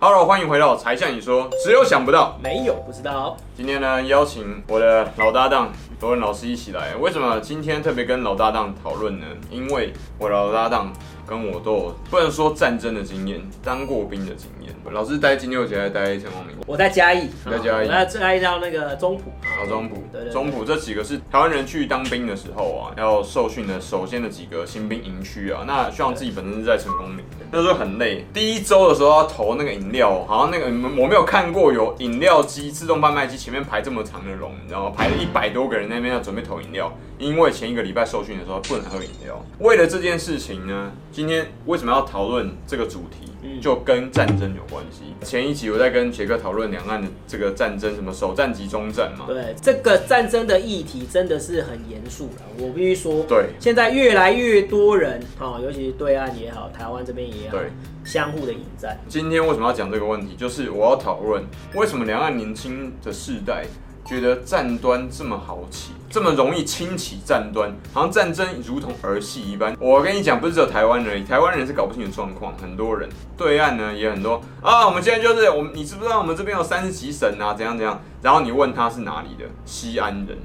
哈嘍，歡迎回到《Sean 你說》，只有想不到，沒有不知道。今天呢，邀請我的老搭檔羅文老師一起來。為什麼今天特別跟老搭檔討論呢？因為我老搭檔。跟我都有不能說戰爭的經驗，當過兵的經驗。老師待金六結待成功嶺。我在嘉義，啊、在嘉義，那再到那個中埔啊，中埔，對對對中埔這幾個是台灣人去當兵的時候啊，要受訓的，首先的幾個新兵營區啊。那希望自己本身是在成功嶺，對對那時候很累。第一周的時候要投那個飲料，好像那個我沒有看過有飲料機自動販賣,賣機前面排這麼長的龍，你知道嗎？排了一百多個人那邊要準備投飲料，因為前一個禮拜受訓的時候不能喝飲料。為了這件事情呢。今天為什麼要討論這個主題，就跟戰爭有關係。前一集我在跟杰克討論兩岸的這個戰爭，什麼首戰即終戰嘛。對，這個戰爭的議題真的是很嚴肅了。我必須說，對，現在越來越多人啊、哦，尤其是對岸也好，台灣這邊也好，對相互的引戰。今天為什麼要講這個問題，就是我要討論為什麼兩岸年輕的世代。覺得戰端這麼好起，這麼容易輕啟戰端，好像戰爭如同兒戲一般。我跟你講，不是只有台灣人而已，台灣人是搞不清楚狀況，很多人對岸呢也很多啊、哦。我們今天就是，我們你知不知道我們這邊有三十幾省啊？怎樣怎樣？然後你問他是哪裡的，西安人。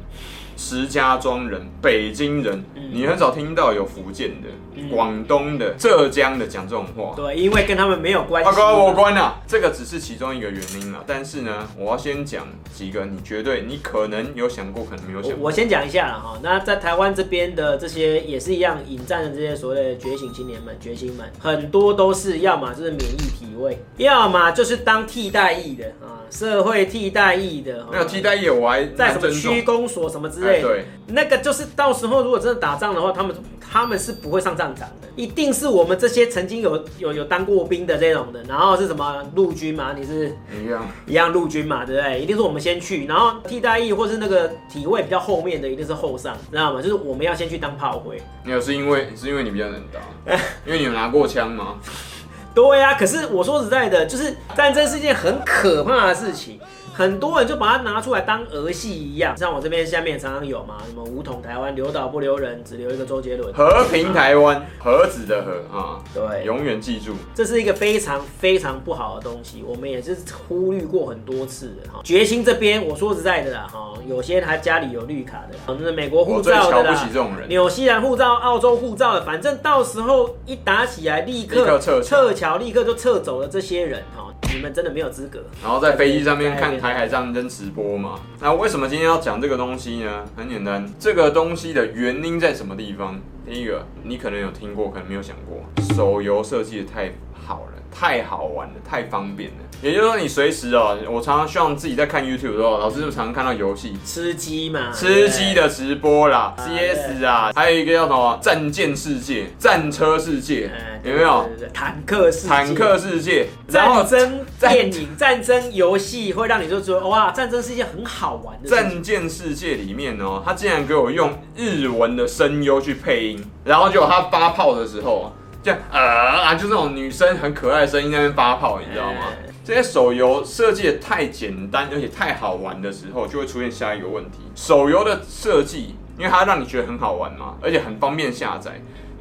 石家莊人、北京人，嗯、你很少聽到有福建的、廣、嗯、東的、浙江的講這種話。對，因為跟他們沒有關係。啊、跟我關啊。這個只是其中一個原因了。但是呢，我要先講幾個，你絕對、你可能有想過，可能沒有想過。我先講一下了哈。那在台灣這邊的這些也是一樣，引戰的這些所謂的覺醒青年們、覺醒們，很多都是要麼就是免役體位，要麼就是當替代役的啊，社會替代役的。那替代役我還，在什麼區公所什麼之。對，那個就是到時候如果真的打仗的話，他們他們是不會上戰場的，一定是我們這些曾經有有有當過兵的這種的，然後是什麼陸軍嘛？你是一樣一樣陸軍嘛？對不對？一定是我們先去，然後替代役或是那個體位比較後面的，一定是後上，知道嗎？就是我們要先去當炮灰。沒有是因為是因為你比較能打，因為你有拿過槍嗎？ 對啊，可是我說實在的，就是戰爭是一件很可怕的事情。很多人就把它拿出來當兒戲一樣，像我這邊下面常常有嘛，什麼武統台灣，留島不留人，只留一個周杰倫，和平台灣，和嗎子的和啊，對，永遠記住，這是一個非常非常不好的東西，我們也是忽略過很多次的哈、啊。決心這邊，我說實在的哈、啊，有些他家裡有綠卡的，那、啊就是、美國護照的、哦，最瞧不起這種人。紐西蘭護照、澳洲護照的，反正到時候一打起來，立刻，立刻撤撤僑，立刻就撤走了這些人哈、啊，你們真的沒有資格。然後在飛機上面看。台海戰爭直播嘛？那為什麼今天要講這個東西呢？很簡單，這個東西的原因在什麼地方？第一個，你可能有聽過，可能沒有想過，手遊設計得太好了。太好玩了，太方便了。也就是說，你隨時哦、喔，我常常希望自己在看 YouTube 的時候，老師就常常看到遊戲，吃雞嘛，吃雞的直播啦對，CS 啊，對還有一個叫什麼戰艦世界、戰車世界，對對對對，有沒有？坦克世界，坦克世界，然後戰爭電影、 戰爭遊戲，會讓你就覺得、哦、哇，戰爭世界很好玩的。戰艦世界裡面哦、喔，他竟然給我用日文的聲優去配音，然後就他發炮的時候。這樣呃啊，就這種女生很可愛的聲音在那邊發炮，你知道嗎？欸、這些手遊設計的太簡單，而且太好玩的時候，就會出現下一個問題：手遊的設計，因為它讓你覺得很好玩嘛，而且很方便下載，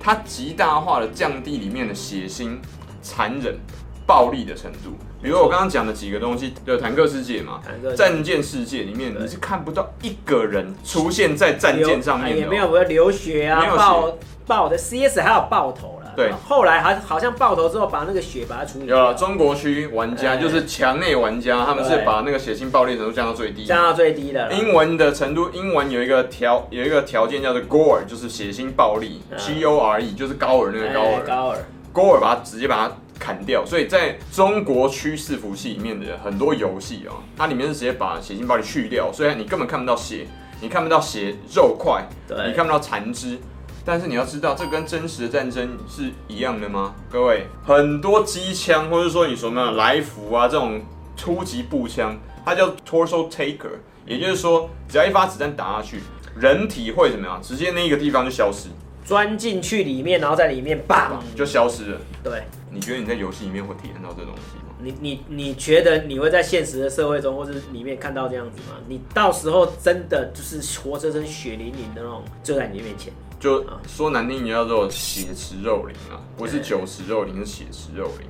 它極大化的降低裡面的血腥、殘忍、暴力的程度。比如我剛剛講的幾個東西，就是、坦克世界嘛，坦克，戰艦世界裡面，你是看不到一個人出現在戰艦上面的、哦，有、哎、沒有流血啊，爆爆的 CS 還有爆頭。對，後，後來還好像爆頭之後把那個血把它處理掉。有了中國區玩家，就是牆內玩家，哎、他們是把那個血腥暴力程度降到最低，降到最低的了。英文的程度，英文有一個條有一個條件叫做 gore，就是血腥暴力，g o r e，就是高爾那個高爾。哎哎、高爾，高爾把它直接把它砍掉，所以在中國區伺服器裡面的很多遊戲啊，它裡面是直接把血腥暴力去掉，所以你根本看不到血，你看不到血肉塊，對你看不到殘肢。但是你要知道，這跟真實的戰爭是一樣的嗎？各位，很多機槍，或者說你什麼來福啊這種初級步槍，它叫 Torso Taker，也就是說，只要一發子彈打下去，人體會怎麼樣？直接那一個地方就消失，鑽進去裡面，然後在裡面砰，就消失了。對，你覺得你在遊戲裡面會體驗到這東西嗎？你你你覺得你會在現實的社會中或是裡面看到這樣子嗎？你到時候真的就是活生生血淋淋的那種，就在你面前。就說難聽一點叫做血池肉林啊，不是酒池肉林，是血池肉林。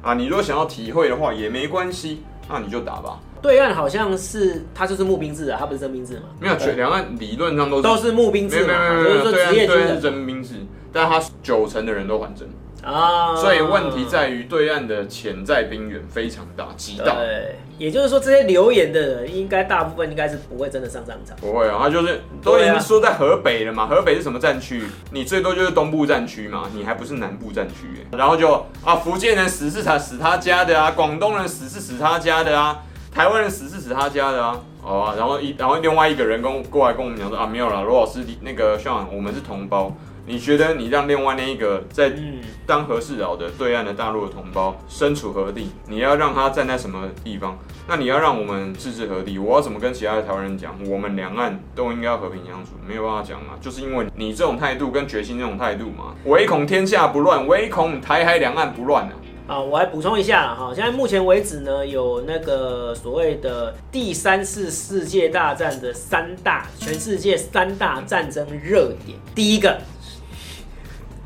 啊。你如果想要體會的話也沒關係，那、啊、你就打吧。對岸好像是他就是募兵制啊，他不是徵兵制嗎？沒有，兩岸理論上都是都是募兵制，沒有沒有沒有，不是說職業軍人徵兵制，但他九成的人都反徵。啊，oh, 所以問題在於對岸的潛在兵員非常大，極大。對，也就是說，這些留言的人應該大部分應該是不會真的上戰場。不會啊，他就是、啊、都已經說在河北了嘛，河北是什麼戰區？你最多就是東部戰區嘛，你還不是南部戰區耶。然後就啊，福建人死是死死他家的啊，廣東人死是死他家的啊，台灣人死是死他家的啊。哦啊，然後一然後另外一個人跟過來跟我們講說啊，沒有啦，羅老師那個 Sean，我們是同胞。你覺得你讓另外那一個在當和事佬的對岸的大陸的同胞身處何地？你要讓他站在什麼地方？那你要讓我們置之何地？我要怎麼跟其他的台灣人講？我們兩岸都應該要和平相處，沒有辦法講啊！就是因為你這種態度跟決心這種態度嘛，唯恐天下不亂，唯恐台海兩岸不亂啊。好，我來補充一下哈，現在目前為止呢，有那個所謂的第三次世界大戰的三大，全世界三大戰爭熱點，第一個。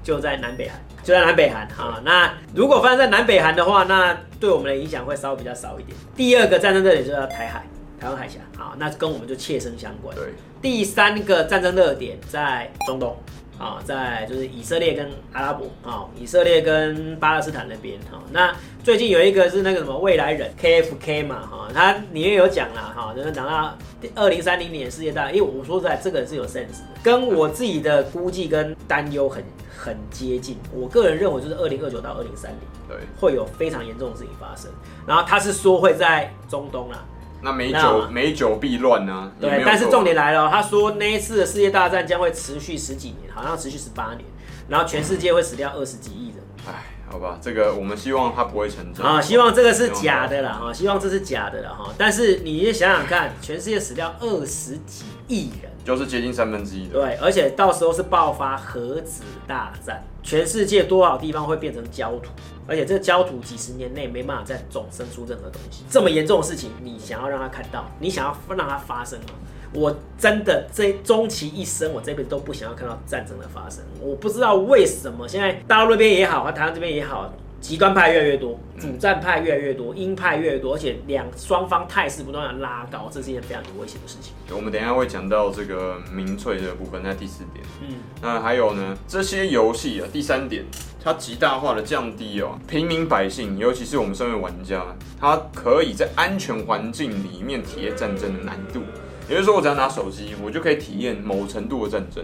就在南北韓，就在南北韓哈、嗯哦。那如果發生在南北韓的話，那對我們的影響會稍微比較少一點。第二個戰爭熱點就是台海，台灣海峽啊、哦，那跟我們就切身相關。嗯、第三個戰爭熱點在中東。啊、哦，在就是以色列跟阿拉伯啊、哦，以色列跟巴勒斯坦那邊啊、哦，那最近有一個是那個什麼未來人 KFK 嘛哈，他、哦、裡面有講啦，哈、哦，就是講到二零三零年世界大戰，因為我說實在這個是有 sense 的，跟我自己的估計跟擔憂很很接近，我個人認為就是二零二九到二零三零，對，會有非常嚴重的事情發生，然後他是說會在中東啦。那美酒，美酒好必亂呢、啊？對，但是重點來了，他說那一次的世界大戰將會持續十幾年，好像持續十八年，然後全世界會死掉二十幾億人。哎，好吧，這個我們希望他不會成真啊，好希望這個是假的啦哈，希望這是假的啦哈。但是你也想想看， 全世界死掉二十幾億人。就是接近三分之一的，對，而且到時候是爆發核子大戰，全世界多少地方會變成焦土，而且這個焦土幾十年內沒辦法再種生出任何東西。這麼嚴重的事情，你想要讓他看到，你想要讓他發生嗎？我真的這終其一生，我這輩子都不想要看到戰爭的發生。我不知道為什麼現在大陸那邊也好，和台灣這邊也好，極端派越來越多，主戰派越來越多，鷹、嗯、派越多，而且兩雙方態勢不斷的拉高，這是一件非常危險的事情。我們等一下會講到這個民粹的部分，在第四點。嗯，那還有呢？這些遊戲啊，第三點，它極大化的降低哦，平民百姓，尤其是我們身為玩家，他可以在安全環境裡面體驗戰爭的難度。也就是說，我只要拿手機，我就可以體驗某程度的戰爭。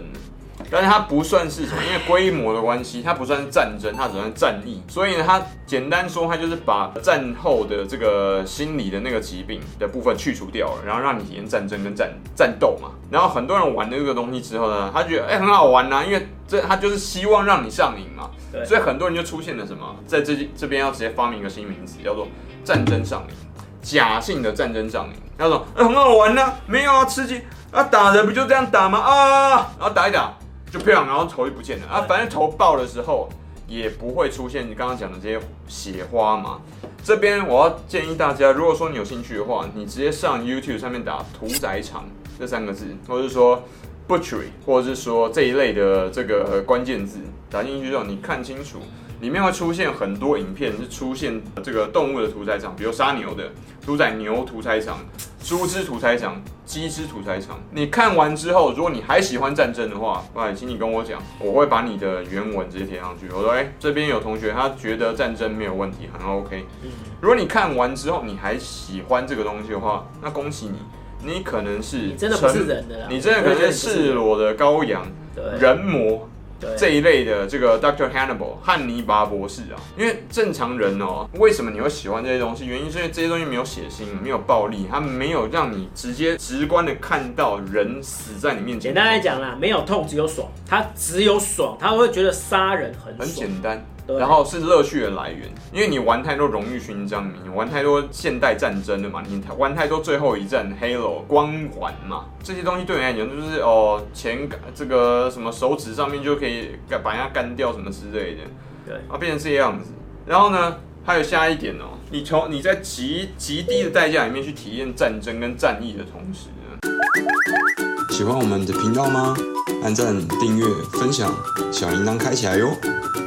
但是它不算是什麼，因為規模的關係，它不算是戰爭，它只算戰役。所以呢，它簡單說，它就是把戰後的這個心理的那個疾病的部分去除掉了，然後讓你體驗戰爭跟戰戰鬥嘛。然後很多人玩了這個東西之後呢，他覺得哎、欸、很好玩吶、啊，因為這他就是希望讓你上癮嘛。對，所以很多人就出現了什麼，在這這邊要直接發明一個新名詞，叫做戰爭上癮，假性的戰爭上癮。他說、欸，很好玩吶、啊，沒有啊，吃雞啊打人不就這樣打嗎啊，然後打一打。就這樣，然後頭就不見了啊！反正頭爆的時候也不會出現你剛剛講的這些血花嘛。這邊我要建議大家，如果說你有興趣的話，你直接上 YouTube 上面打“屠宰場”這三個字，或者是說 “butchery”，或者是說這一類的這個關鍵字打進去之後，你看清楚，裡面會出現很多影片是出現這個動物的屠宰場，比如殺牛的屠宰牛屠宰場。豬之屠宰場，雞之屠宰場。你看完之後，如果你還喜歡戰爭的話，喂，請你跟我講，我會把你的原文直接貼上去。我說，哎、欸，這邊有同學他覺得戰爭沒有問題，很 OK。嗯、如果你看完之後你還喜歡這個東西的話，那恭喜你，你可能是真的不是人的。你真的可是赤裸的羔羊，人，人魔。對這一類的這個 Doctor Hannibal 漢尼拔博士啊，因為正常人哦、喔，為什麼你會喜歡這些東西？原因是因為這些東西沒有血腥，沒有暴力，它沒有讓你直接直觀的看到人死在你面前。簡單來講啦，沒有痛只有爽，它只，只有爽，他會覺得殺人很爽很簡單。對然後是樂趣的來源，因為你玩太多榮譽勳章，你玩太多現代戰爭了嘛，你玩太多最後一戰、Halo 光環嘛，這些東西對我來講就是哦，錢這個什麼手指上面就可以干把人家幹掉什麼之類的，對，啊，變成這樣子。然後呢，還有下一點哦，你從你在極極低的代價裡面去體驗戰爭跟戰役的同時呢，喜歡我們的頻道嗎？按讚、訂閱、分享，小鈴鐺開起來喲！